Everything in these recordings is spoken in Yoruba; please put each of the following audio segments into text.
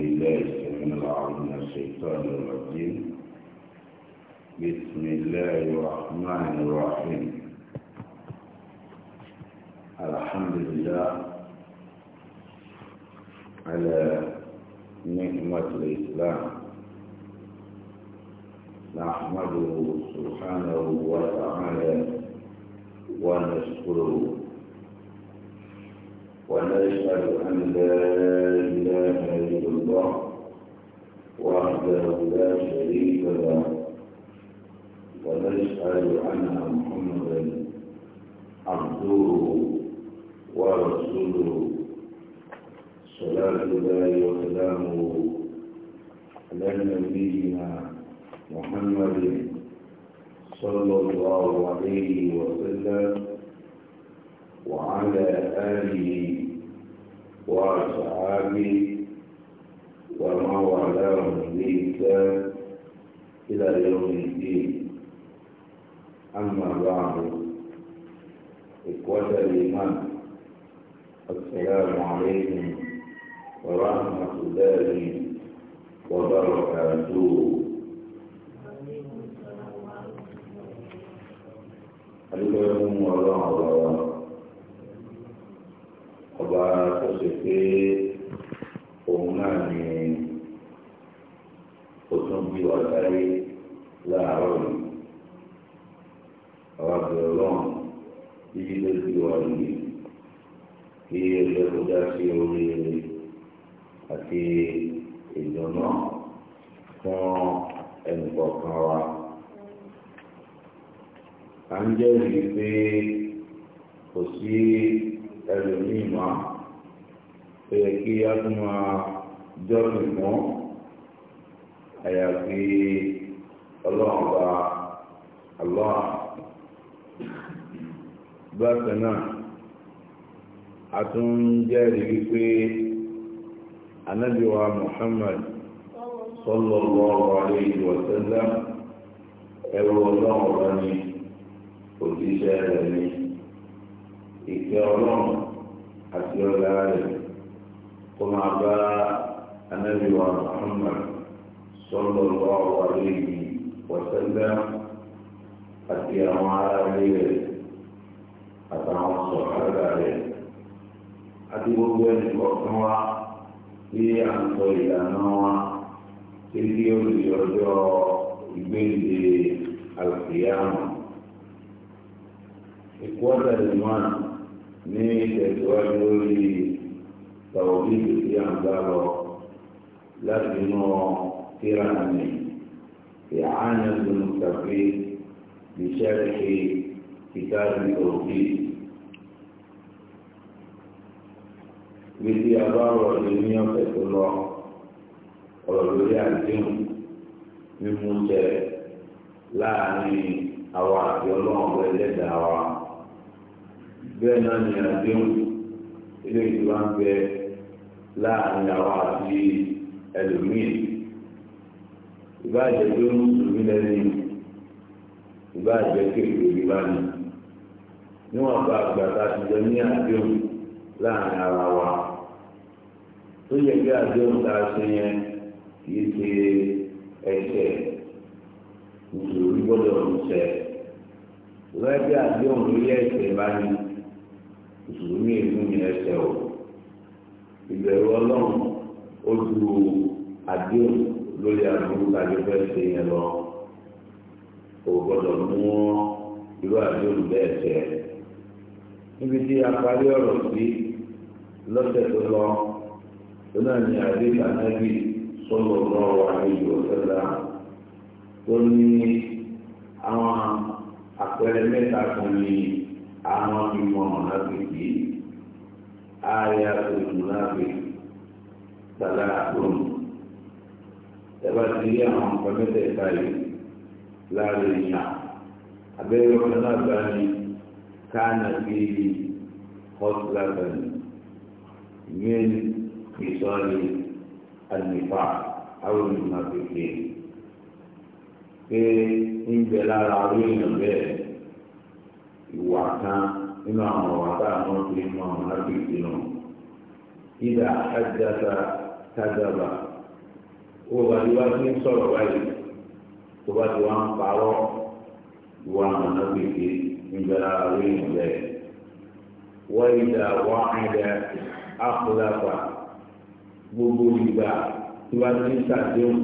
بالله من العليم الشيطان الرجيم بسم الله الرحمن الرحيم الحمد لله على نعمة الإسلام نحمده سبحانه وتعالى ونشكره ونشهد أن لا إله إلا الله وحده لا شريك له ونشهد أن محمدا عبده ورسوله صلاة الله وسلامه على نبينا محمد صلى الله عليه وسلم وعلى آله وأصحابي وما وعدهم بإحسان إلى يوم الدين أما بعد إخوة الإيمان السلام عليكم ورحمة الله وبركاته عليكم ورحمة الله ṣe pé òun náà ni ó tún bí wà láyé láàárọ̀ yìí àwọn àgbẹ̀ ọlọ́run bíbí ló bí wà yìí kí ẹgbẹ́ dá sí oríire àti ìdùnnú fún ẹnìkọ̀ọ̀kan wa. à ń jẹ́rìí pé kò sí ẹlòmíì ó yẹ kí a tún máa jọ́sìn fún àyàfi ọlọ́run bá Allah bákan náà a tún jẹ́rìí wípé anábìwa Muhammad sallallahu alayhi wa sallam ẹrú ọlọ́run bá ní òjíṣẹ́ rẹ̀ ní ìkẹ́ ọlọ́run àti ọlá وما باء النبي محمد صلى الله عليه وسلم أتي أمارا عليه أتعوى الصحابة عليه أتي بقوة الوقتوى في أن صلى الله títí ó di ọjọ́ ìgbéǹde àlùfíàmù. Ìkú lórí توجيه في أنزاله لكنه تيراني إعانة المستفيد بشرح كتاب التوحيد bíbí abáwọ̀ ni ní ọ̀sẹ̀ tó lọ ọ̀rọ̀ lórí àdéhùn mímú jẹ láàrin àwa àti ọlọ́run ẹlẹ́dàá wa bẹ́ẹ̀ náà ni àdéhùn ilé ìjọba ń bẹ láàrin àwa àti ẹlòmíì ìbáàjẹ́ tó ń mùsùlùmí lẹ́nu ìbáàjẹ́ kéèké ìbá ni níwọ̀n bá àgbàtà ti jẹ ní àdéhùn láàrin ara wa tó yẹ kí àdéhùn tá a ṣe yẹn kìí ṣe ẹsẹ̀ mùsùlùmí gbọ́dọ̀ ń ṣẹ lọ́ọ́ bí àdéhùn lórí ẹsẹ̀ bá ní mùsùlùmí ìlú ni ẹsẹ̀ o ìbẹ̀rù ọlọ́run ó ju àdéhùn lórí àdúgbò tàbí fẹ́ ṣe yẹn lọ kò gbọdọ̀ mú irú àdéhùn bẹ́ẹ̀ tẹ̀ níbi tí a parí ọ̀rọ̀ sí lọ́sẹ̀ tó lọ tó náà ní àdéhùn ànábì sọ́nà náà wà ní ìlú ọ̀sẹ̀dá tó ní àwọn àpẹẹrẹ mẹ́ta kan ní àwọn ìmọ̀ mọ̀nàfíkì ààrẹ àtòmọ̀nàfí tàlà àtòm ẹ̀bá ti rí àwọn nǹkan mẹ́tẹ̀ẹ̀ta yìí láàrin ìyàn abẹ́rẹ́ ọ̀kan náà bá ní káànà bíi hotlaven min ìsọ̀rí àlùfà àwọn ìmọ̀nàfíkì pé ń bẹ lára orí èèyàn bẹ́ẹ̀ ìwà kan nínú àwọn ọ̀wà tá àwọn fi mọ àwọn agbègbè náà ìdá àjàta tájàbà ó bá ti wá sí sọ̀rọ̀ báyìí tó bá ti wá ń parọ́ ìwà àwọn agbègbè nígbà láàárín ìrìnlẹ̀ wọ́n ìdá wá ìdá àkùlàfà gbogbo ìgbà tí wá sí sàdéhùn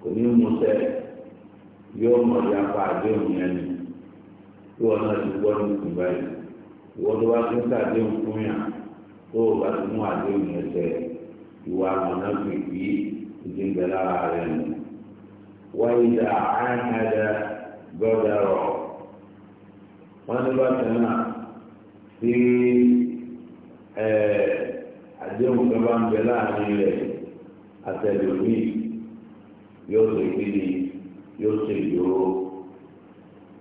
kò ní mú sẹ́ yóò mọ̀ ìyá pa àdéhùn yẹn ni. kí wọn náà ti wọ́n ní ìsìn báyìí ìwọ́n tó bá ti ń sàdéhùn yàn tó o bá ti mú àdéhùn yẹn ndị ìwà àmọ̀nà pèpè ìdíńgbẹ lára rẹ̀ nù. wáyé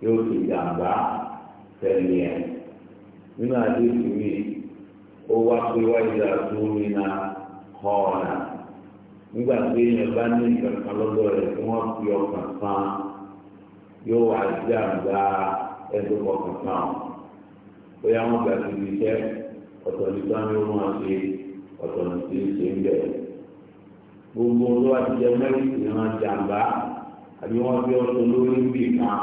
yóò fi jàǹbá tẹ̀lé ẹ̀ nínú àdéhùn mi ó wá pé wáyé àtúnmí na kọ́ọ̀nà nígbà tí èèyàn bá ní ìkankan lọ́dọ̀ rẹ̀ tí wọ́n fi ọkàn kan yóò wá jàǹbá ẹ̀dùn ọkàn kan bóyá wọ́n gbà tó ti jẹ́ ọ̀tọ̀ nígbà ni ó máa ṣe ọ̀tọ̀ ní ti ṣe ń bẹ̀. gbogbo olówó àti jẹ́ mẹ́rin àbí wọ́n fi ọ̀tọ̀ lórí bì kan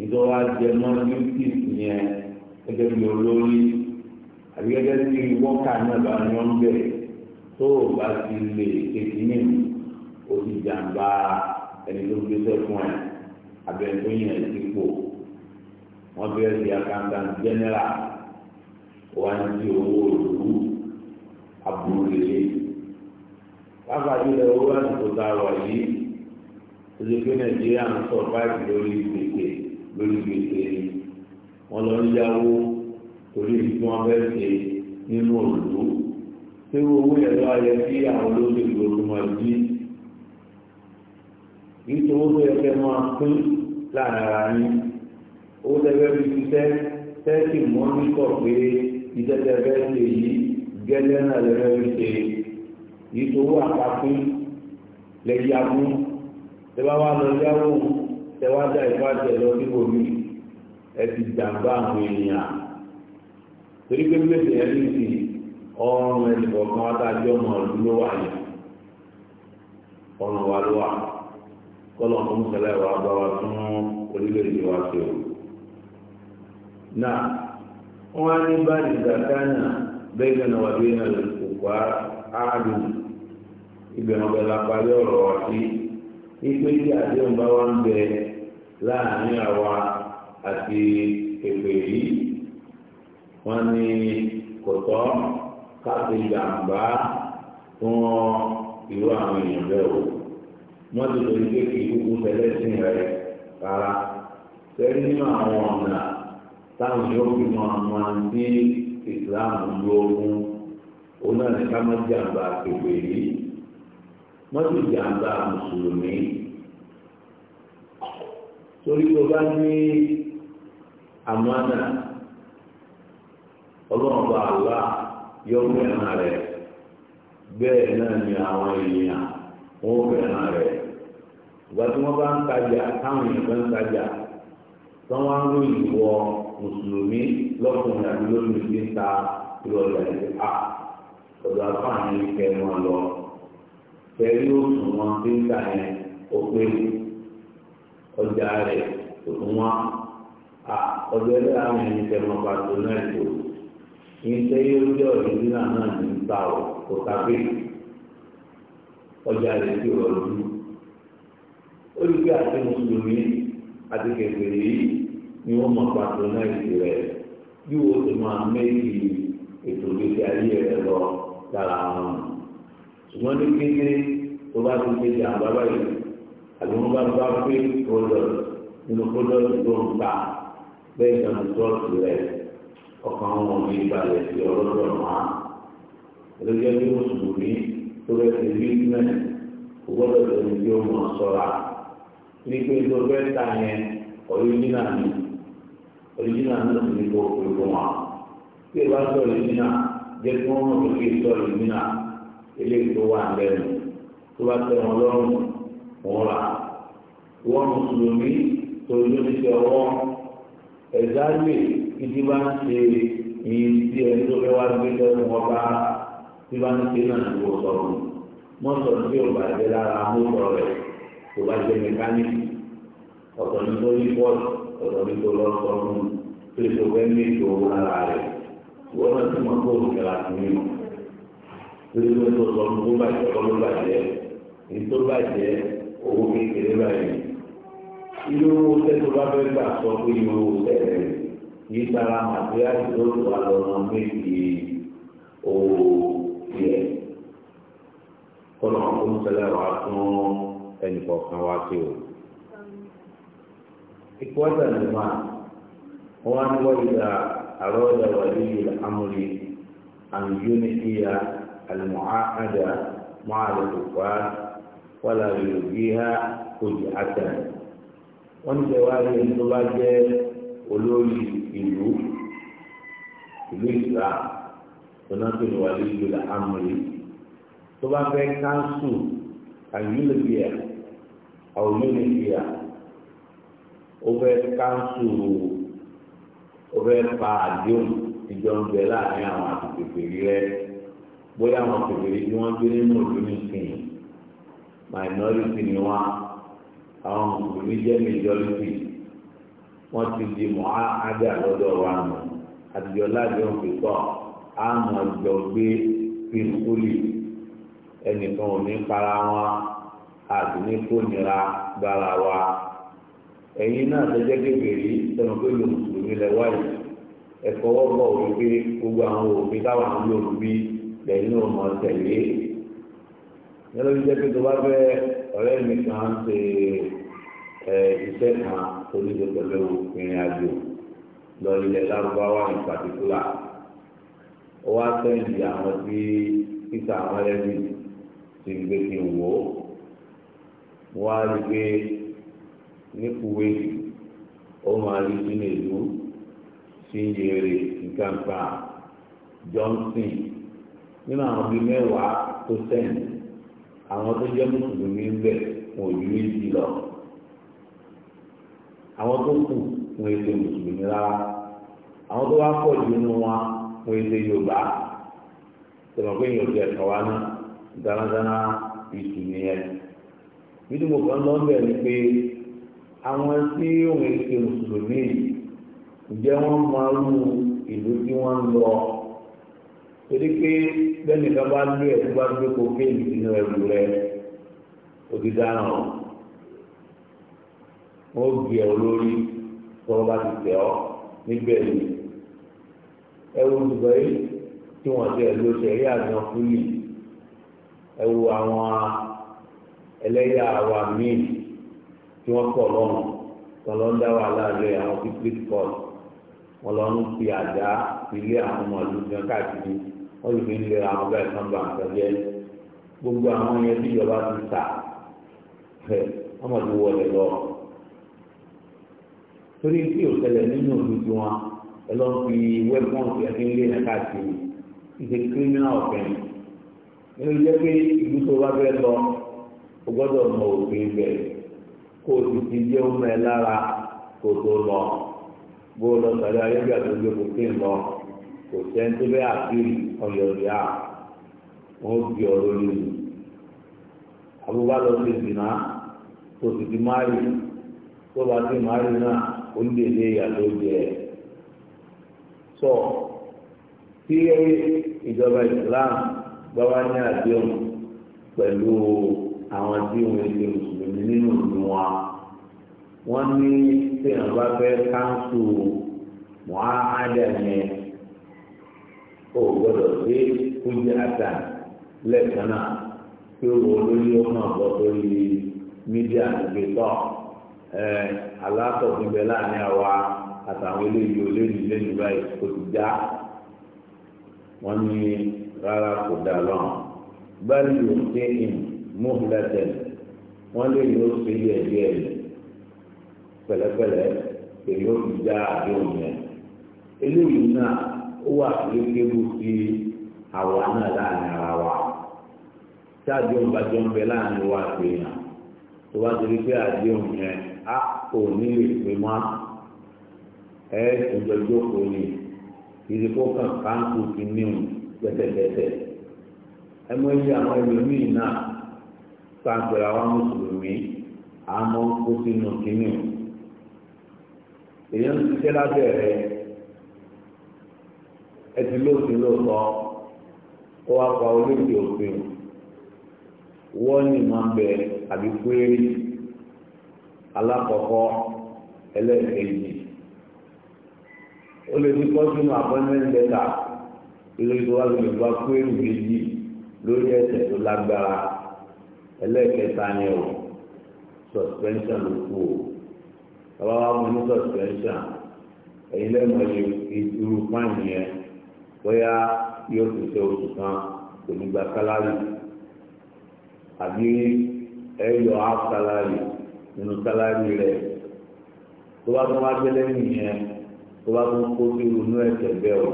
ìjọba jẹmọ́ duties yẹn gẹ́gẹ́ bí olórí àbí gẹ́gẹ́ bí wọ́kà náà bá yọ ń bẹ̀ tó o bá ti lè kékeré nínú o ti jàǹbá ẹni tó gbéṣẹ́ fún ẹ abẹ́rẹ́ tó yàn ẹ́ sípò wọ́n bẹ̀rẹ̀ sí accountant general wọ́n á di owó òdu aburú lélẹ̀ káfájú lẹ owó àtúntò tá a wà yìí ó ti pé nàìjíríà ń sọ báyìí lórí gbèsè lórí gbèsè wọn lọ ń yáwó torí ibi tí wọn fẹ́ ṣe nínú òòlù tẹ́rù owó yẹn lọ ayẹ kí àwọn olóṣèlú olóṣèlú máa jí nítorí owó yẹn fẹ́ máa pín láàrin ara yín owó tẹ́fẹ́ fi ṣiṣẹ́ tẹ́sí mọ́nítọ̀ pé iṣẹ́ tẹ́fẹ́ ṣe yìí gẹ́lẹ́ náà lẹ́fẹ́ fi ṣe nítorí àpapín lẹ́yìn abú tẹ́fẹ́ lọ yáwó. tẹwájà ìfàjẹ lọ síbò mi àwọn ènìyàn torí pé gbèsè yẹn ní ti ọrùn ẹnìkọ̀ọ̀kan wá dájú ọmọ ọdún ló wà yẹn ọrùn wa ló wà kọlọ̀ ọ̀hún sẹlẹ̀ wà bá wa tún orílẹ̀ wa ṣe o. á ní báyìí wà bí la parí ọ̀rọ̀ láàrin àwa àti èpè yìí wọ́n ní kòtọ́ káàkiri jàǹbá fún irú àwọn èèyàn bẹ́ẹ̀ o wọ́n ti lè gbé kí kúkú tẹ́lẹ̀ sí rẹ̀ rárá tẹ́lẹ̀ nínú àwọn ọ̀nà táwọn yóò fi mọ àwọn àti ìsìláàmù lóògùn òun náà ní ká má jàǹbá èpè yìí wọ́n ti jàǹbá mùsùlùmí. torí tó bá ní àmàna ọlọ́run bá àlá yọ fẹ́ràn rẹ̀ bẹ́ẹ̀ náà ni àwọn èèyàn wọn ò rẹ̀ ìgbà tí wọ́n bá ń tajà táwọn èèyàn bá ń tajà tí wọ́n ń wọ mùsùlùmí a ọ̀dọ̀ wọn lọ ń tà yẹn ọjà rẹ̀ kò nwa a ọjọ́ ahụ àwọn ẹni tẹ pàtó náà tó ní yóò jẹ́ ọ̀rẹ́dínlá náà ní ọjà rẹ̀ ti rọ̀ lù olùgbé àti mùsùlùmí àti kẹfìrì yìí ni wọ́n mọ̀ pàtó náà rẹ̀ bí wo ti máa méjì ètò ìgbésí ayé rẹ̀ lọ àbí wọn bá bá pé product nínú product ló ń gbà bẹ́ẹ̀ náà ní tọ́ọ̀tù rẹ̀ ọkàn wọn ní ìbàlẹ̀ sí ọlọ́dọ̀ máa ẹlẹ́jẹ́ bí mùsùlùmí tó bẹ́ẹ̀ ti rí mẹ́rin kò gbọ́dọ̀ tẹ̀lé bí ó mọ̀ sọ́ra ní pé tó bẹ́ẹ̀ ta yẹn ọ̀ríjìnà ni ọ̀ríjìnà náà sì ní kó pé fún wa tí ìbá sọ ọ̀ríjìnà jẹ́ kí wọ́n mọ̀ tó kí ìsọ ọ̀ríjìnà eléyìí tó wà lẹ́nu tó bá tẹ̀ wọn lọ́rùn wọn rà wọn mùsùlùmí torí ló ti ọwọ́ ẹ̀dá lè ìdí bá ń ṣe èyí tí ẹni tó fẹ́ wá gbé lẹ́nu ọba tí bá ń ṣe náà ló sọ̀rọ̀ mọ́tò tí ò bàjẹ́ lára mọ́tò rẹ̀ kò bá jẹ́ mẹkáníìkì ọ̀tọ̀ ní tó ní bọ́ọ̀lù ọ̀tọ̀ ní tó lọ sọ fún pé tó fẹ́ ní ìṣòro lára rẹ̀ wọ́n náà ti mọ̀ kóòtù kẹlà sí mímọ́ pé tó sọ fún bó bàjẹ́ kọ́ bàjẹ́ owó kékeré báyìí irú owó sẹ́tò bá fẹ́ gbà sọ pé irú owó sẹ́tò yìí tara màtíríàlì tó tó wà lọ́nà méjì owó tiẹ̀ kọ́nà ọ̀húnṣẹ́lẹ̀ wa fún ẹnìkọ̀ọ̀kan wá sí o. ìkọ́jà ni máa wọ́n á ní wọ́n ìgbà àrọ́jà wà lórí àmúrí àmì yóní kíyà àlùmọ́ àádà máa lè kópa wàlà yòókì ha òjì àtà wọn ti wá rí ẹni tó bá jẹ olórí ìlú ìlú ìsra tónátò ní wàlẹ ìlú la amúlé tó bá fẹ́ káńsù àyùlẹbíà àwùlẹbíà ó fẹ́ káńsù ó fẹ́ pa àdéhùn ìjọ ń láàrin àwọn àtòkèkèrè rẹ bóyá àwọn àtòkèkèrè tí wọn gbé nínú òdúnú ìsìn yìí minority ni wọn àwọn mùsùlùmí jẹ́ majority wọ́n ti di mọ́ adé àlọ́dọ̀ wa nù àtijọ́ láti wọn fi jọ gbé pínpólì ẹnìkan ò ní para wọn àti ní kó nira gbára wa ẹ̀yin náà tẹ́jẹ́ kékeré sẹ́nu pé lò mùsùlùmí lẹ wáyé ẹ̀kọ́ wọ́pọ̀ òfin pé gbogbo àwọn òfin táwọn àwọn olùbí lẹ́yìn náà tẹ̀lé yẹn lórí jẹ́ pé tó bá fẹ́ ọ̀rẹ́ mi kan ṣe iṣẹ́ kan tó ní ṣe pẹ̀lú ìrìn àjò lọ ilẹ̀ lárúbáwá ní pàtíkúlà ó wá sẹ́ǹdì àwọn tí títà àwọn ẹlẹ́bí ti gbé kí n wò ó wá rí pé ní Kuwait ó máa rí sínú ìlú sí yèrè nǹkan kan Johnson nínú àwọn bíi mẹ́wàá tó sẹ́ǹdì àwọn tó jẹ́ mùsùlùmí ń bẹ̀ wọn ò ju méjì lọ àwọn tó kù wọn èdè mùsùlùmí rárá àwọn tó wá pọ̀ jù nínú wọn wọn èdè yorùbá tẹ̀wọ̀n pé yòókù ẹ̀kọ́ wa náà dáradára ìtù nìyẹn nínú mo kàn lọ bẹ̀ ni pé àwọn tí wọn èdè mùsùlùmí ǹjẹ́ wọ́n máa ń lu ìlú tí wọ́n ń lọ torí pé bẹ́ẹ̀ni ká bá lé ẹ̀ tó bá gbé kokéènì sínú ẹrù rẹ òdìdáràn ó gbé ẹ olórí tó bá ti tẹ̀ ọ́ níbẹ̀ ni ẹrù ṣùgbọ́n yìí tí wọ́n ti ẹ̀ ló ṣe rí àjọ fún yìí ẹrù àwọn ẹlẹ́yà wa míì tí wọ́n pọ̀ lọ́nà wọn lọ ń dá wàhálà rẹ àwọn pípílì kọ́ọ̀tù wọn lọ ń fi àdá ilé àwọn ọmọ ìlú gan káàkiri wọ́n lè fi lè àwọn ọgbà ẹ̀sán gba àtẹ̀jẹ́ gbogbo àwọn yẹn tí ìjọba ti tà fẹ́ wọ́n mọ̀ tó wọlé lọ. torí tí ò tẹlẹ̀ nínú òdu tí wọn ẹ lọ fi wẹ́pọ̀n tí ẹni káàkiri ìṣe criminal offence nínú jẹ́ pé ìlú tó bá fẹ́ lọ o gbọ́dọ̀ mọ òfin bẹ̀ kó o sì ti jẹ́ ọmọ ẹ lára kó o tó lọ bó o lọ sọ̀rọ̀ ayélujára tó gbé kó o fi ń lọ. kò sẹ́ńtẹ́ bẹ́ẹ̀ àbírí a à wọ́n bí ọ̀rọ̀ lónìí àbúbá lọ sí ìdìnnà tó sì ti márì tó bá náà ó ìyàtọ̀ jẹ sọ tí ìjọba Islam bá wá ní àdéhùn pẹ̀lú àwọn tí ti mùsùlùmí nínú ìlú wa wọ́n ní tí wọ́n káńsù á dẹ̀ o gbọ́dọ̀ gbé kúndé àtà lẹ́ẹ̀kan náà o wọ lórí ọmọ àbọ̀ lórí mídíà níbi tọ́ ẹ alátọ̀ níbẹ̀ láàrin àwa àtàwọn eléyìí olóyìn lẹ́yìn báyìí ti já wọn ní rárá kò dá lọ́hùn báyìí ò ṣe ìn múhùlẹ́tẹ̀ wọ́n ní ó yẹ díẹ̀ pẹ̀lẹ́pẹ̀lẹ́ èyí ó já ó wà kéwkéwú sí àwa náà láàrin ara wa ṣáàdì òun bá jọ ń bẹ láàrin wa pé yàn tó bá ti rí pé àdé yẹn á kò ní lè pé mọ́ ẹ ìjọ ìjókòó ni ìdíkó kan káńtù ti níhùn pẹ́tẹ́pẹ́tẹ́ ẹ mọ iye àwọn ẹlòmíì náà pàǹpẹ̀rẹ̀ àwọn mùsùlùmí àmọ́ kó sínú kínní èèyàn ti tẹ́lá bẹ̀rẹ̀ ẹtì lóòótọ́ lóòótọ́ ó wá pa olóògbé òfin wọ́ọ̀nì máa ń bẹ àbí kúrẹ́rì alákọ̀ọ́kọ́ ẹlẹ́ẹ̀kejì ó lè ní kọ́sùmù appointment letter lórí tó wá lórí ìgbà kúrẹ́rì méjì lórí ẹ̀sẹ̀ tó lágbára ẹlẹ́ẹ̀kẹta ni o suspension ló kú o bàbá wa mú ní suspension ẹ̀yin lẹ́nu ẹ̀yìn irú fáìlì yẹn bóyá yóò tún ṣe oṣù kan kò ní gba sálárì àbí ẹ yọ á sálárì nínú sálárì rẹ̀ tó bá tún wá gbé lẹ́yìn yẹn tó bá tún kó sí inú ẹ̀jẹ̀ bẹ́ẹ̀ o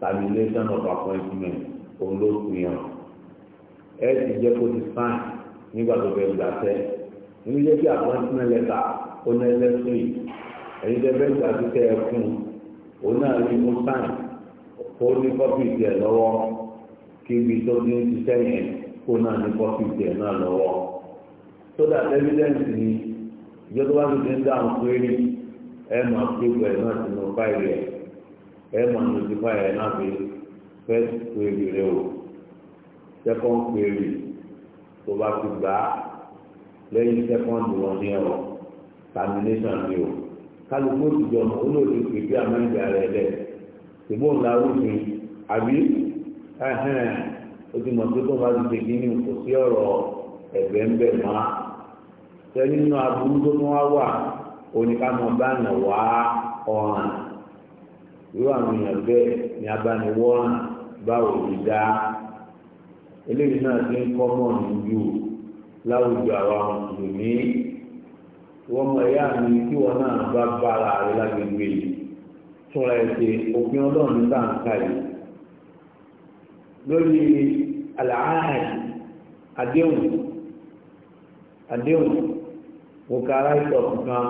termination of appointment òun ló kù yàn ẹ ti jẹ́ kó ti sign nígbà tó fẹ́ gbà tẹ́ nínú jẹ́ kí appointment letter ó ní ẹlẹ́sìn yìí ẹ̀yin tẹ́ fẹ́ gbà títẹ́ ẹ fún un òun náà rí mú sign. kó ní kọ́pì tiẹ̀ kí ibi tó ní ti kó náà ní náà sódà evidence ni ìjọ tó bá ti ti ń dáhùn péré ẹ máa gbégbó ẹ náà sínú fáìlì ẹ ẹ máa notify ẹ náà fi first query rẹ o second query tó bá ti gbà á lẹ́yìn wọn ní ni o kálukú olóòtú pèpè lẹ́yìn. tèmó ńlá rúfin àbí ó ti mọ̀ pé tó bá ti ṣe kíní kò sí ọ̀rọ̀ ẹ̀bẹ̀ ń bẹ̀ mọ́ sẹ́ni nínú aburú tó tún wá wà oníkàmọ́ bá nà wá ọ̀ràn irú àwọn èèyàn bẹ́ẹ̀ ni abániwọ́ràn báwo ni dá eléyìí náà ti ń kọ́ mọ́ níjú láwùjọ àwa mùsùlùmí wọ́n mọ ẹ̀yà mi tí wọ́n náà bá bára rẹ̀ lágbègbè yìí tọ́ra ẹ̀sẹ̀ òfin ọlọ́run ní báńkà yìí lórí àlàáhàn àdéhùn àdéhùn wòkà aláìsàn kan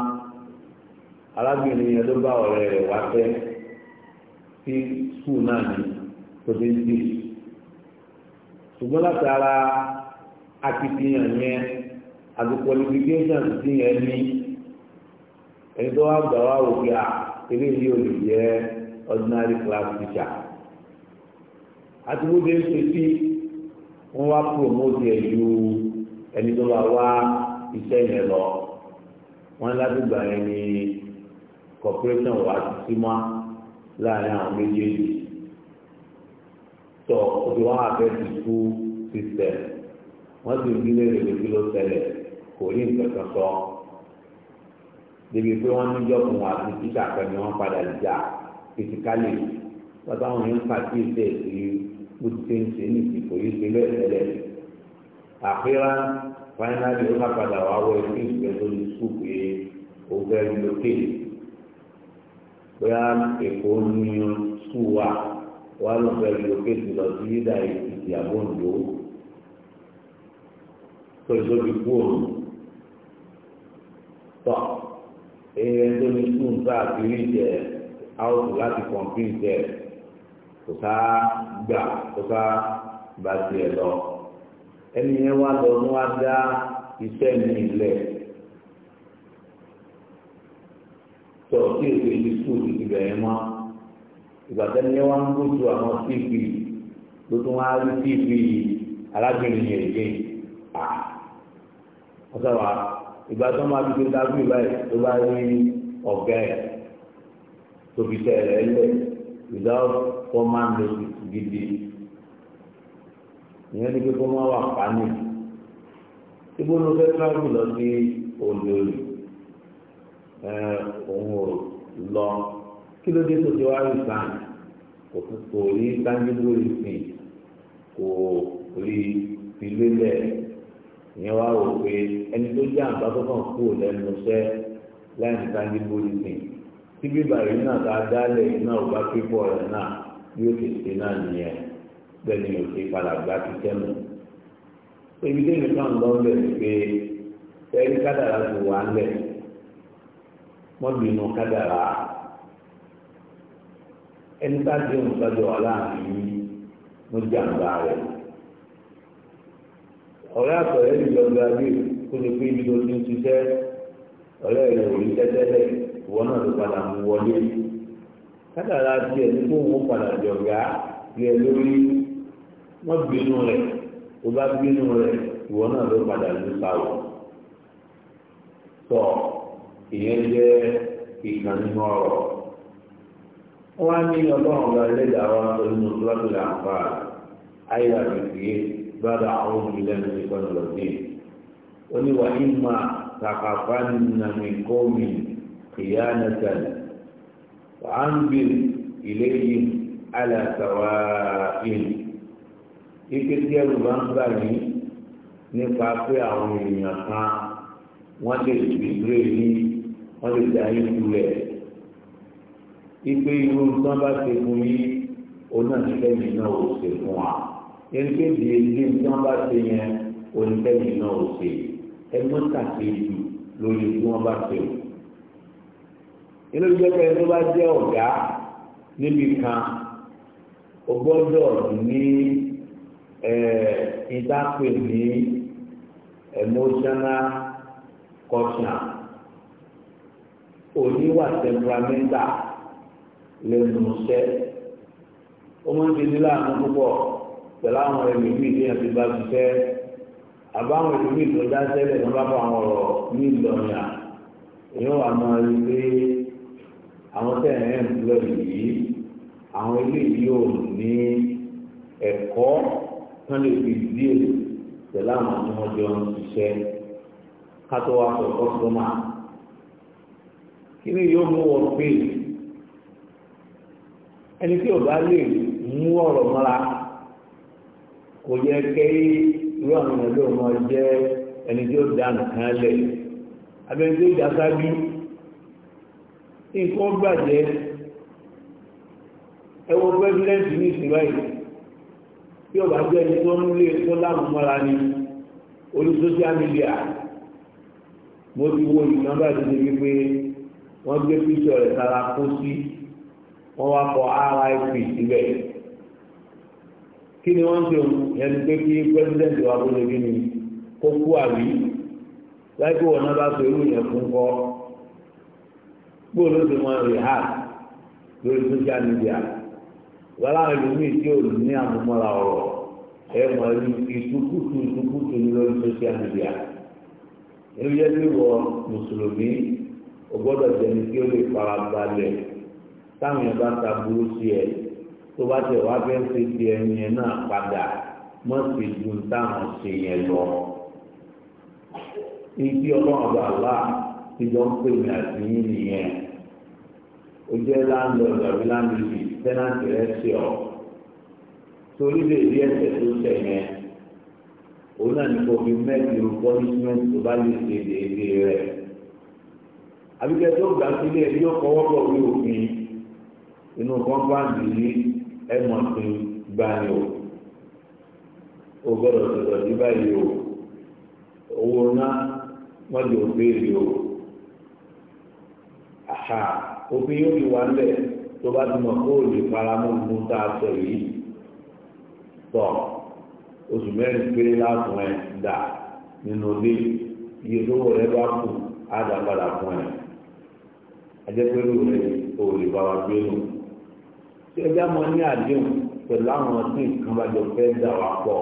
arábìnrin yẹn ló bá ọ̀rẹ́ rẹ̀ wá fẹ́ sí skul náà ní tòdéńtì ṣùgbọ́n látara akitiyan yẹn àti qualification ti yẹn ní ẹni tó wá gbà wá òkè à eléyìí ò lè jẹ́ ordinary class teacher àti wọ́n dé ṣe sí wọ́n wá promote ẹ̀ ju ẹni tó bá wá iṣẹ́ yẹn lọ wọ́n ládùúgbà yẹn ní corporation wà sí mọ́ láàrin àwọn méjèèjì tó o ti wá àfẹ́ ti kú system wọ́n sì ń bí léèrè lójú ló tẹ̀lé kò rí nǹkan kan sọ débi pé wọ́n níjọ́ fún wa àti títà pẹ̀lú wọn padà jà fisikálì wọ́n táwọn yẹn ń pàkíyèsí èsì bó ti ṣe ń ṣe ní ìsìnkú yìí ṣe bẹ́ẹ̀ tẹ́lẹ̀ àfihàn fáínàlì ó bá padà wá wọ ẹgbẹ́ ìgbẹ́ lórí sùkúù pé ó fẹ́ lókè bóyá èkó ní sùkúù wa wà ló fẹ́ lókè tó lọ sí yídà ìsìnkú àbóǹdó tó ìsóbi kú òun tọ́ èèyàn tó ní sùn bá àbírí jẹ áwùjọ láti kọ̀m̀pín jẹ kò sá gbà kò sá bá tiẹ̀ lọ ẹni yẹn wá lọ ní wá dá iṣẹ́ mi lẹ̀ tó tí èsì ìlú sùn ti bẹ̀rẹ̀ mọ́ ìgbà tẹ́ni yẹn wá ń gbójú àwọn tíìpì ló tún wá rí tíìpì alágbèrè yẹn lé à ah! wọ́n sábà ìgbà tó máa fi ṣe dábìlì báyìí tó bá rí ọ̀gá ẹ̀ tóbi tẹ̀ rẹ̀ lẹ̀ without formal notice gidi ìyẹn ni pé kó má wà pání ibo ló fẹ́ travel lọ sí olórí òun ò lọ kí ló dé tó ti wá rí sàn kò rí tangible rí sìn kò rí fi lélẹ̀ ìyẹn wá wò pé ẹni tó jẹ́ àǹfà tó kàn kú lẹ́nu iṣẹ́ láì ní sáńdí bóyìí tí bíbá yìí náà tá a dálẹ̀ yìí náà ò bá pípọ̀ rẹ̀ náà yóò ti ṣe náà nìyẹn bẹ́ẹ̀ ni òṣè padà gbá títẹ́ mọ́. ibi tí èmi kàn lọ bẹ̀ ni pé ẹ̀rí kádàrá ti wà ń lẹ̀ wọ́n bínú kádàrá ẹni tá a ti ń sọ́jọ́ ọ̀la àmì yìí mo jàǹbá rẹ̀. ọ̀rẹ́ àtọ̀rẹ́ yìí lọ gba bí kó lè pé ibi tó ti ń ṣiṣẹ́ ọ̀rẹ́ rẹ̀ ò rí tẹ́tẹ́lẹ̀ ìwọ náà ló padà mú wọlé kádàrá tiẹ̀ ní kó padà jọ̀gá rẹ̀ lórí wọ́n bínú rẹ̀ bá bínú rẹ̀ náà ló padà ìyẹn jẹ́ nínú ọ̀rọ̀ wọ́n á ní ọlọ́run ẹlẹ́dàá بعد أعوذ بالله من الشيطان الرجيم ولي وإما تخافن من قوم خيانة فأنبر إليهم على سواء ike tí ẹrù bá ń gbà ní nípa pé àwọn èèyàn kan wọ́n lè gbèdúrè ní wọ́n lè dá yín kulẹ̀ ipe irú nǹkan bá ṣe fún yín onáà nílẹ̀ mi náà ò ṣe fún wa erékè di ilé tí wọ́n bá ṣe yẹn oníkẹ́yìn náà ò ṣe ẹ mọ́ kàkéjì lórí tí wọ́n bá ṣe o. ilé ìjọba ẹni tó bá jẹ́ ọ̀gá níbi kan o gbọ́dọ̀ ní ìdápè ní emotional caution oníwà temperamental lẹ́nu iṣẹ́ ó máa ń fi nílànà púpọ̀ pẹ̀lú àwọn ẹlòmíì tí yẹn ti bá ṣiṣẹ́ àbáwọn ẹlòmíì tó dá sẹ́lẹ̀ ní bá bá àwọn ọ̀rọ̀ ní Ìlọrin à èyí wà máa rí pé àwọn tẹ̀lé ń lọ yìí àwọn ilé yóò ní ẹ̀kọ́ tán lè fi díè pẹ̀lú àwọn tí wọ́n jọ ń ṣiṣẹ́ kátó wa pọ̀ kọ́sọ́mà kí ni yóò mú wọn pè ẹni tí ò bá lè mú ọ̀rọ̀ mọ́ra kò yẹ kẹ́ irú àwọn èèyàn ló mọ jẹ́ ẹni tí ó dá nǹkan lẹ̀ abẹ́ni tí ó dá sáájú nǹkan gbàjẹ́ ẹwọ pẹ́sidẹ́ntì ní ìsìnlẹ̀ tí ọba jẹ́ ẹni tó ń lé tó láwọn mọ́ra ni orí social media mo ti wo ìnáwó àti ṣe wípé wọ́n gbé píṣọ̀ rẹ̀ sára kó sí wọ́n wá kọ RIP síbẹ̀ kí ni wọ́n ń pè ẹni pé kí pẹ́sidẹ́ǹtì wa kó lè bí mi kó kú àbí láìpẹ́ wọn náà bá pè é lóyún ẹ̀fún kọ́ gbóòló ti mọ rìhá lórí social media wàhálà ẹlòmíì tí ò ní àmúmọ́ra ọ̀rọ̀ ẹ mọ̀ ní ìtukùtù ìtukùtù ní lórí social media ẹ̀rú yẹn ti wọ mùsùlùmí o gbọ́dọ̀ jẹ́ni tí ó lè fara balẹ̀ táwọn yẹn bá ta burú sí ẹ̀ tó bá tẹ̀ wá fẹ́ ṣe ti ẹni yẹn náà padà mọ́ sí ju táwọn ṣe yẹn lọ. ibi ọlọ́run bàbá ti jọ ń pè ní àtìyìn nìyẹn ó jẹ́ láńlọ́ọ̀dù àbí láńlọ́ọ̀dù tẹ́nàtì rẹ̀ ṣe ọ̀ torí lè rí ẹ̀sẹ̀ tó ṣẹ̀ yẹn òun náà ní kò fi mẹ́ẹ̀kì ru tó bá lè ṣe déédéé rẹ̀ àbíkẹ́ tó gbà sílé ẹjọ́ kọ́wọ́ wí òfin inú kọ́ńpáàdì yìí ẹ mọ̀ pé báyìí o o gbọ́dọ̀ sọ̀rọ̀ sí báyìí o owó náà wọ́n lò béèrè o àhà òfin yóò fi wá lẹ̀ tó bá ti mọ̀ kó o lè fara mọ́ ohun tá a sọ yìí tọ̀ oṣù mẹ́rin péré láàfin ẹ̀ dà nínú ilé iye tó wọ̀ bá kù á dá padà fún ẹ̀ ajẹ́pẹ́rù rẹ̀ o lè bá wa gbé nù. ẹgbẹ́ mọ ní àdéhùn pẹ̀lú àwọn tí nǹkan bá jọ fẹ́ dà wá pọ̀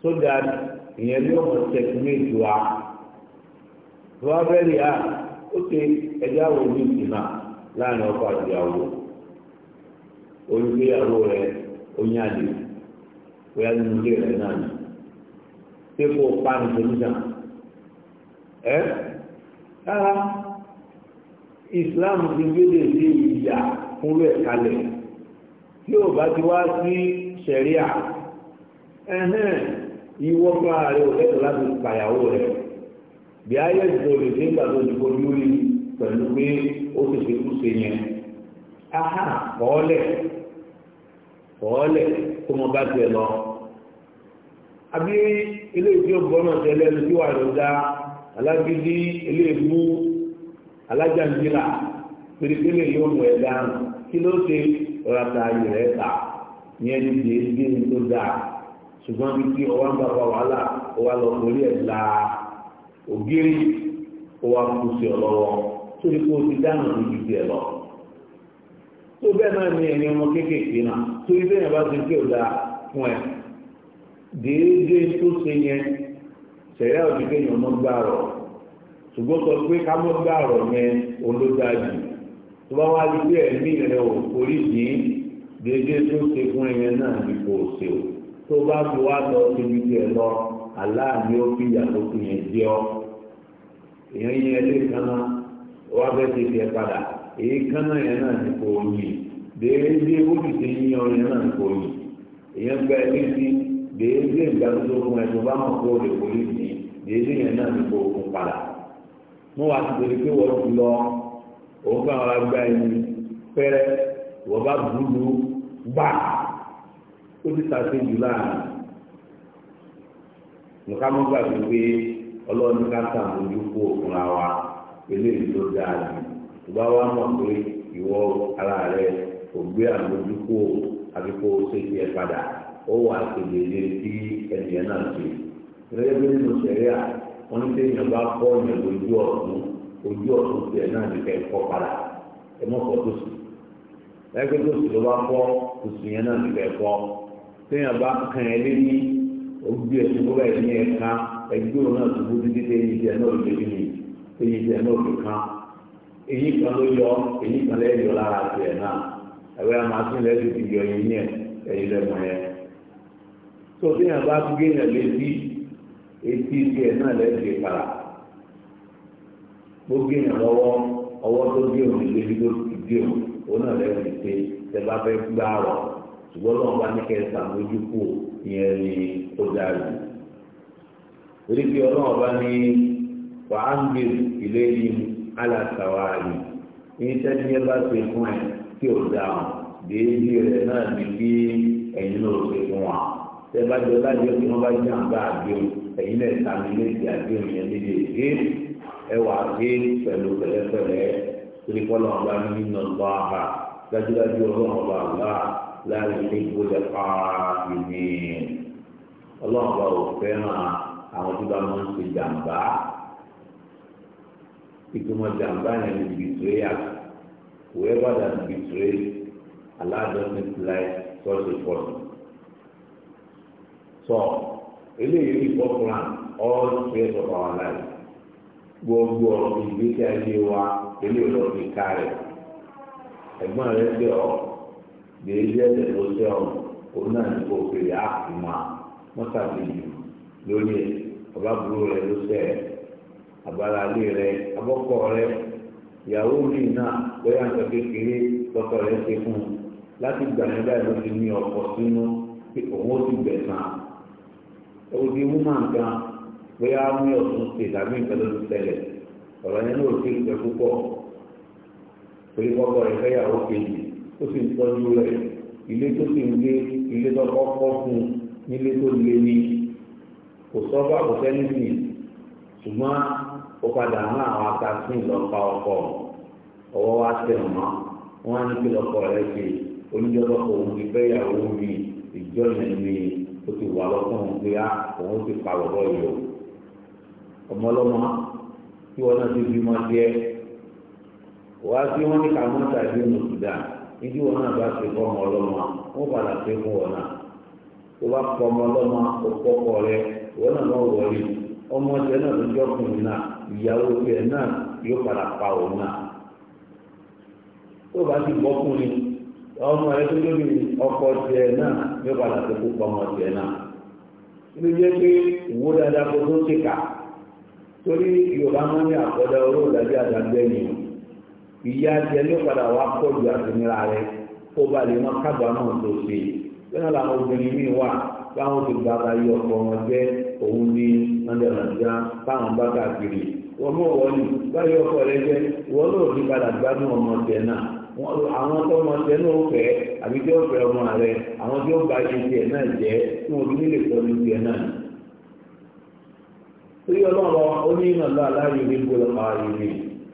so ìyẹn ní ọmọ wa à ah, ó ṣe ẹgbẹ́ àwọn láàrin olùgbéyàwó rẹ oyin bóyá nínú ilé rẹ náà ni kó o pa tí ò bá ti wá sí ṣẹ̀ríà ẹ̀hẹ́n ìwọ fún ara rẹ̀ ò lẹ́tọ̀ọ́ láti pàyàwó rẹ̀ bí ayé ìgbòho ṣe ń gbà tó ti fojú rí pẹ̀lú pé ó ti fi kú ṣe yẹn aha kọ́ọ́lẹ̀ kọ́ọ́lẹ̀ kó mo bá tiẹ̀ lọ àbí ilé ìdí ọgbọ́n tẹ́lẹ̀ ẹni tí wàá lọ dá alágídí ilé ìbú alájàndínlá pèrèpèrè yóò mú ẹ dáhùn kí ló ṣe rata ayò rẹ ta yẹn ní ti ẹgbẹ́ ní tó dáa ṣùgbọ́n bí tí ọwọ́ ń bá fa wàhálà ó wá lọ forí ẹ̀ la ògiri ó wá kú sí ọ lọ́wọ́ sórí kó o ti dáhùn níbi tiẹ̀ lọ. tó bẹ́ẹ̀ náà ní ẹni ọmọ kéékèèké náà torí bẹ́ẹ̀ bá ti kí o dáa fún ẹ déédéé tó ṣe yẹn ṣẹ̀yà òdìgbẹ́yìn ọmọ gbàrọ̀ ṣùgbọ́n sọ pé ká gbàrọ̀ yẹn olódàájú tó bá wá di pé ẹ̀mí rẹ̀ ò forí dì í déédéé tó ṣe fún ẹyẹ náà ní kò ṣe o tó bá fi wá lọ síbi tí ẹ lọ aláàbí ó fi ìyàtọ̀ fi yẹn dí ọ èèyàn yẹn lè kánná wá bẹ́ẹ̀ ti tẹ padà èyí kánná yẹn náà ní kò yìn déédéé ó sì ti yín ọ yẹn náà ní kò yìn èèyàn gba ẹbí sí déédéé ìgbàlódé fún ẹ tó bá mọ̀ kó lè forí dì í yẹn náà ní kò kún padà mo wà sí pé wọ́n ti lọ. òun kàn wá gba ẹni pẹ́rẹ́ wọ́n bá búlù gbà ó ti sàṣe jù láàrin nǹkan mọ́ gbàgbé pé ọlọ́run ká sàmójú kó òkúra wa eléyìí tó dáa jù tó bá mọ̀ pé ìwọ ara rẹ kò gbé àmójú kó àbí kó o ṣe tiẹ̀ padà ó wà ojú ọ̀tún tiẹ̀ náà ní kẹ́ fọ́ padà ẹ mọ̀ fọ́ tòsí ẹgbẹ́ tòsí ló bá fọ́ tòsí yẹn náà ní kẹ́ fọ́ téèyàn bá kàn ẹ́ lé ní ojú ẹ̀ tó bá yẹn ní ẹ̀ka ẹgbẹ́ òun náà tó bó títí téèyàn tiẹ̀ náà lè ní téèyàn tiẹ̀ náà lè kán èyí kan ló yọ èyí kan lè yọ lára tiẹ̀ náà ẹ̀wẹ́ àmọ́ àtúnlẹ̀ ti ti yọ ẹ̀yìn yẹn ẹ̀yìn lẹ́mọ̀ yẹn tó téèyàn bá gé yẹn létí etí tiẹ̀ náà lè gbogbo gé yàn lọ́wọ́ ọwọ́ tó gé òun lé ní lórí gé òun òun náà lẹ́yìn fẹ́ gbá ṣùgbọ́n lọ́wọ́ bá ní kù ìyẹn ni ó pé ọlọ́wọ́ bá ní ń gbé yìí ní wa jọ tí wọ́n bá ẹ̀yin náà ṣàmì ẹ wà gbé pẹ̀lú pẹ̀lẹ́pẹ̀lẹ́ torí kọ́lọ́ ọba nínú ọba àbá dájúdájú ọlọ́run ọba àbá láàrin ilé ìgbójà pààrọ̀ ní ọlọ́run ọba ò fẹ́ràn àwọn tó bá máa ń ṣe jàǹbá ìtumọ̀ jàǹbá yẹn ni betrayal whoever that betray Allah doesn't like such a person so eléyìí ní four plan all spheres of our life gbogbo ọ̀rọ̀ ìgbésí ayé wa ilé ìlọ kíkà rẹ̀ ẹ̀gbọ́n rẹ̀ bẹ̀ ọ́ gbèéjì ẹ̀sẹ̀ tó tẹ̀ ọ́ òun náà ní kò pè á ìmọ̀ mọ́tàbíyì lórí ẹ̀ bàbá burú rẹ̀ ló sẹ̀ àbáralé rẹ̀ abọ́kọ̀ rẹ̀ ìyàwó mi náà bóyá nǹkan kékeré lọ́kọ̀ rẹ̀ ṣe fún un láti gbà ní báyìí ló ti ní ọkọ̀ sínú pé òun ó ti gbẹ̀sán òun ti mú màǹkan bóyá mi ò tún ṣe tàbí nǹkan ló ti tẹ̀lẹ̀ ọ̀rọ̀ yẹn náà ti pẹ́ púpọ̀ torí kọ́kọ́ rẹ̀ fẹ́yàwó kejì ó sì ń tọ́jú rẹ̀ ilé tó sì ń gbé ilé tó kọ́kọ́ fún un nílé tó le ní kò sọ́fà kò sẹ́nìtì ṣùgbọ́n ó padà mú àwọn akásìn lọ́pa ọkọ̀ ọwọ́ wa tẹ̀ mọ́ wọn á ní kí lọ́kọ̀ rẹ̀ ṣe oníjọba kò ń fi fẹ́yàwó mi ìjọ yẹn ni ó ti wà lọ́kàn òun pé á ah, òun ti pa ọ̀rọ̀ yìí o ọmọ ọlọ́mọ tí wọn náà ti bímọ díẹ̀ wá sí wọn ní kàmọ́ tàbí mùsùlùmá níbi wọn náà bá ṣe fọmọ ọlọ́mọ wọn padà ṣe fún wọn náà tó bá fọmọ ọlọ́mọ òkú ọkọ rẹ wọn náà lọ wọlé ọmọ ọjọ́ náà ló jọkùnrin náà ìyàwó rẹ náà yóò padà pa òun náà tó bá ti bọ́kùnrin ọmọ rẹ tó lóbi ọkọ tiẹ̀ náà yóò padà ṣe fún ọmọ tiẹ̀ náà. ilé jẹ́ pé ìwó dáadáa kó tó ṣèkà torí yorùbá máa ń ní àkọ́dá owó ìdájọ́ àdàgbẹ́ ni ìyá jẹ ló padà wá pọ̀ ju àtìmíra rẹ kó ba lè má kábàámọ̀ tó ṣe bẹ́ẹ̀ làwọn obìnrin míì wà báwọn ti gba ayé ọkọ wọn jẹ òun ní nàìjíríà táwọn bá káàkiri wọn mọ wọlé báyọ ọkọ rẹ jẹ wọn lóò ní padà gbádùn ọmọ tẹ náà àwọn tó ọmọ tẹ náà fẹ́ àbí tí ó fẹ́ ọmọ rẹ àwọn tí ó gba ayé náà jẹ tí wọn lè sọ ní náà torí ọlọ́run oníyìnà onye aláyò ní ala ààyè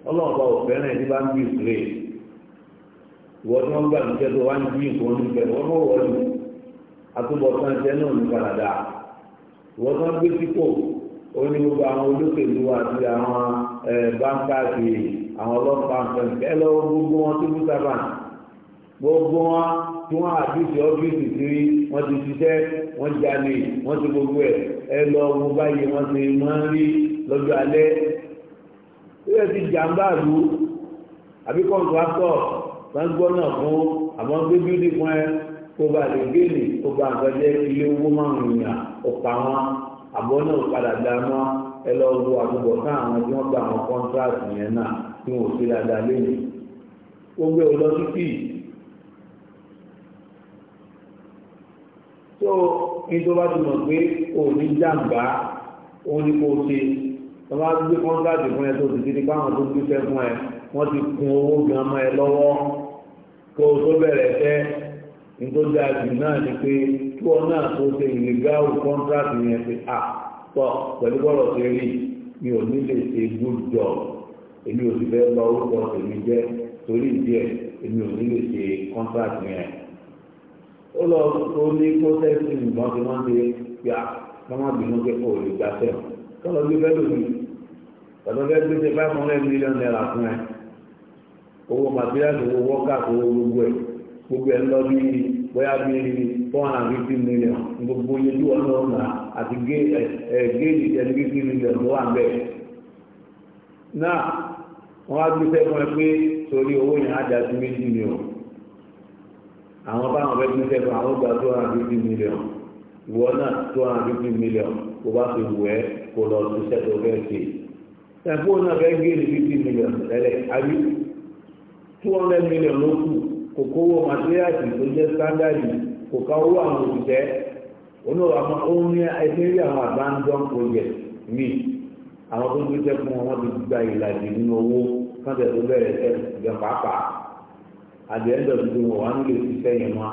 ọlọ́run bá òfẹ́rẹ́ ní bá ń bí ìsúlẹ̀ ìwọ tí wọ́n gbà ní kẹ́tọ́ wá bí nǹkan wọ́n wọ́n lù náà ní tí wọ́n gbé sípò gbogbo àwọn olóṣèlú àti gbogbo wọn tó tí wọ́n àbíṣe ọ́fíìsì tí wọ́n ti ṣiṣẹ́ wọ́n jalè wọ́n ti gbogbo ẹ̀ ẹ lọ wo báyìí wọ́n ti máa ń rí lọ́jọ́ alẹ́ ilé ti jàǹbá lu àbí kọ́ńtàkọ̀ gbàgbọ́ náà fún àmọ́ gbé bíúdì fún ẹ tó bá lè géèlì tó bá nǹkan jẹ́ ilé owó márùn-ún yàn ọ̀pá wọn àbọ̀ náà padà dá wọn ẹ lọ wo àbúbọ̀ ká àwọn tí wọ́n gba àwọn kọ́ńtàkì yẹn náà tí wọ́n ò sí dáadáa lẹ́yìn gbogbo ẹ̀ lọ sí kíì. tó nítorí bá ti mọ̀ pé o ní jàǹbá òun ni kò ṣe tó bá gbé kọ́ńtàkì fún ẹ tó ti ti di káwọn tó gbé fẹ́ fún ẹ wọ́n ti kun owó gan mọ́ ẹ lọ́wọ́ kó o tó bẹ̀rẹ̀ fẹ́ nítorí àjù náà ni pé kí wọn náà tó ṣe ìlégàwò kọ́ńtàkì yẹn pé à tọ́ pẹ̀lú bọ́ọ̀lù ṣe rí mi ò ní lè ṣe good job èmi ò sì fẹ́ lọ orúkọ tèmi jẹ́ torí ìdí ẹ̀ èmi ò ní lè ṣe kọ́ńtàkì yẹn. ó lọ tó ní pósẹ́sì nìkan tí wọ́n ya gbà kọ́mọ́bìnú pé kò lè gbà tẹ̀ kọ́lọ́ tọ́lọ́ gbé ṣe five hundred million naira fún ẹ owó materials owó workers owó gbogbo ẹ gbogbo ẹ ń lọ bí bóyá bí four hundred and fifty million gbogbo tí wọ́n lọ àti fifty million wà bẹ́ẹ̀ náà àwọn báwọn fẹ́ fi sẹ́fún àwọn gba two hundred fifty million ìwọ náà two hundred fifty million kó bá fi wù ẹ́ kó lọ sí sẹ́tọ̀ fẹ́ ṣe ẹ̀fọ́ náà fẹ́ gé ní fifty million tẹ́lẹ̀ àbí two hundred million ló kù kò kówó materials tó jẹ́ standard kò ká owó àwọn òṣìṣẹ́ oníwà máa ó ní ẹsẹ̀ rí àwọn abandon project mi àwọn tó ń gbéṣẹ́ fún wọn wọ́n ti gba ìlàjì nínú owó kọ́ńtẹ̀ tó bẹ̀rẹ̀ sẹ́ẹ̀ jẹ pàápàá àgbẹ̀ẹ́dọ̀ gbogbo wọn wà nílò ìṣiṣẹ́ yẹn wá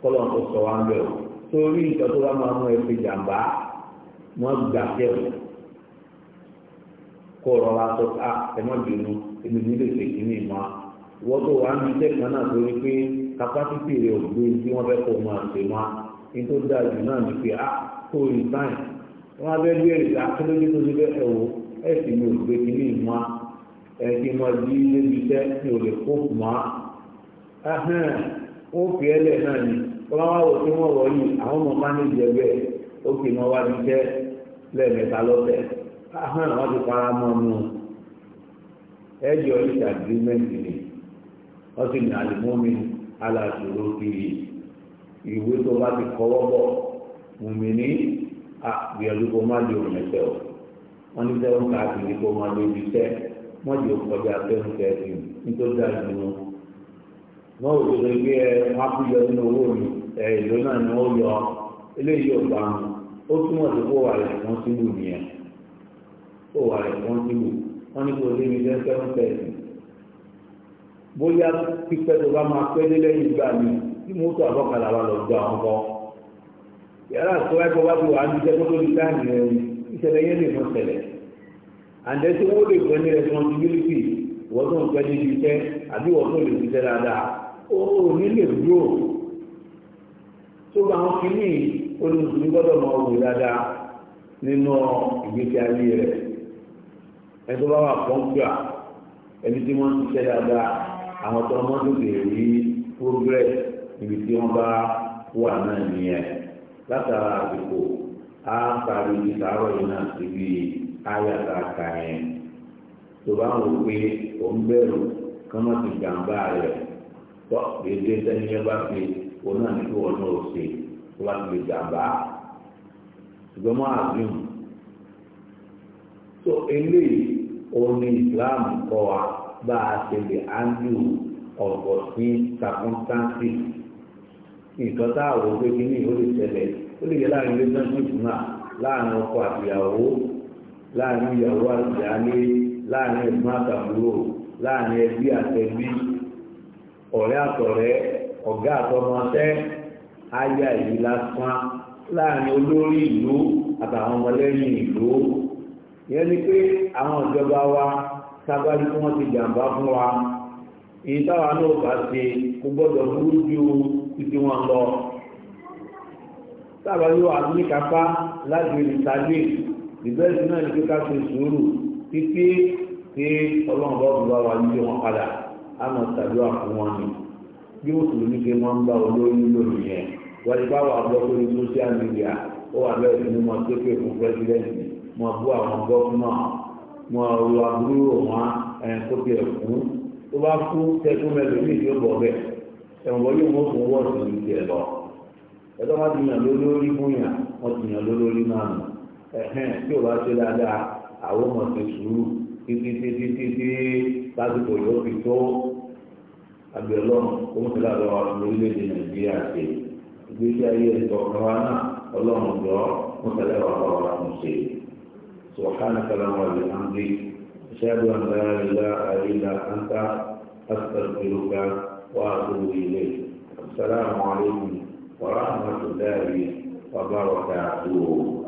kọ́lọ̀ tó sọ wá ń bẹ̀ o torí ìtọ́ tó bá máa mú ẹ fi jàǹbá wọn gbà tẹ̀ o kó rọra sọ ká ẹ̀mọ́ bínú èmi nílò ìṣèjì ní ìmọ̀ wọ́n tó wà ní iṣẹ́ kan náà torí pé kapásítì rẹ̀ ò tí wọ́n fẹ́ kó máa ṣe wá ní tó dáa jù náà ni pé a kó resign wọ́n á fẹ́ bí èrè ẹ̀kí mọ̀ bí lébi iṣẹ́ ní olè kóòpù mọ́ ahẹ́n ó fi ẹlẹ̀ náà ni wọ́n wá wò tí wọ́n wọ̀ yìí àwọn ọmọ máa ń ní ìjẹ́bẹ̀ ó fi mọ́ wá bí iṣẹ́ lẹ́ẹ̀mẹ́ta lọ́sẹ̀ ahẹ́n wọ́n ti fara mọ́ nù ẹjọ́ ìṣe àgbẹ̀mẹ́ntì ni wọ́n sì ní àlùmọ́mí aláṣòro kiri ìwé tó bá ti kọ́wọ́ bọ̀ mùmí ní àgbẹ̀lú kó má di òun ẹ̀sẹ̀ o wọ́n ní sẹ́wọ́n ká àti ní kó má lójú sẹ́ẹ̀ wọ́n yóò kọjá afẹ́fẹ́ ẹ̀sìn nítorí àjùmọ̀ wọn ò lè gbé ẹ wọn kú yọ nínú owó mi ẹ ìlú náà ni wọ́n yọ eléyìí ò bá wọn ó túmọ̀ sí kó wà rẹ̀ wọ́n ti nìyẹn kó wà rẹ̀ wọ́n ti wọ́n ní kó lé mi jẹ́ sẹ́fẹ́ ẹ̀sìn bóyá pípẹ́ tó bá máa pẹ́ lélẹ́yìn ìgbà mi tí mo tó àbọ̀kàlà wa lọ gba àwọn kan yàrá àtúwájú wa ti and then tí wọ́n lè fẹ́ ní responsibility wọ́n tó ń fẹ́ ní iṣẹ́ àbí wọ́n tó lè ṣiṣẹ́ dáadáa ó ní lè dúró tó bá wọn fi ní olùsùn gbọ́dọ̀ máa wù dáadáa nínú ìgbésí ayé rẹ̀ ẹni tó bá wà pọ́ńpìà ẹni tí wọ́n ń ṣiṣẹ́ dáadáa àwọn tó wọ́n tó lè rí progress níbi tí wọ́n bá wà náà nìyẹn látara àsìkò á parí ìsàárọ̀ yìí náà síbi yìí. ayàtà àkà yẹn tó bá wò pé ó ń bẹ̀rù kọ́mọ́ ti jàǹbá rẹ̀ tọ́ déédéé sẹ́ni yẹn bá fi náà ní kí wọ́n náà ṣe tó bá ti lè jàǹbá ṣùgbọ́n mọ́ àdúm tó eléyìí òun ni Islam kọ́ wa bá a ṣe lè áńdù ọ̀pọ̀ sí circumstances nǹkan tá a wò pé kí ni ìwé láàrin ìyàwó àtìyálé láàrin ẹ̀gbọ́n àtàbúrò láàrin ẹbí àtẹbí ọ̀rẹ́ àtọ̀rẹ́ ọ̀gá àtọmọṣẹ́ aya ìlú lásán láàrin olórí ìlú àtàwọn ọmọlẹ́yìn ìlú ìyẹn ni pé àwọn ìjọba wa sábàbí tí wọ́n ti jàǹbá fún wa èyí táwa náà bá ṣe kó gbọ́dọ̀ burú ju títí wọn lọ sábàbí wa ní kápá láti ìtàgé ìbẹ́ẹ̀sì náà ní pé ká ṣe sùúrù títí tí ọlọ́run bá bùbá wa yí wọn padà á mọ̀ tàbí wà fún wọn ni bí mùsùlùmí ṣe máa ń bá olórí lónìí yẹn wọ́n ti bá wà lọ sórí social media ó wà bẹ́ẹ̀ sí ni mo ṣe pé fún pẹ́sidẹ́ǹtì mo bú àwọn gọ́fúnà mo rọ àbúrò wọn kó tiẹ̀ fún tó bá fún tẹ́tún mẹ́lẹ̀ ní ìdí ọ̀bọ̀ bẹ́ẹ̀ ẹ̀wọ̀n yóò mọ̀ fún wọ́ọ̀sì ní tiẹ̀ lọ ẹ̀dọ́ bá ti yàn lólórí fún yàn wọ́n ti yàn lólórí náà nù ẹ̀hẹ́n tí ò bá ṣe dáadáa àwọn ọmọ ti sùúrù títí títí títí lásìkò yóò fi tó abẹ́lọ́n kọ́mọ̀tìlá lọ́wọ́ lórílẹ̀‐èdè nàìjíríà ṣe ìgbésí ayé ẹ̀tọ́ ọ̀nàwá náà ọlọ́run jọ mọ̀tàlẹ́ wà bá wà mú ṣe sọ̀kánà kalamu alhamdi ṣáàbù àgbáyà àríyá àǹtà àtàkùnlùkà wà àtúwò ilé assalamu alaikum wa rahmatullahi wa barakatuh.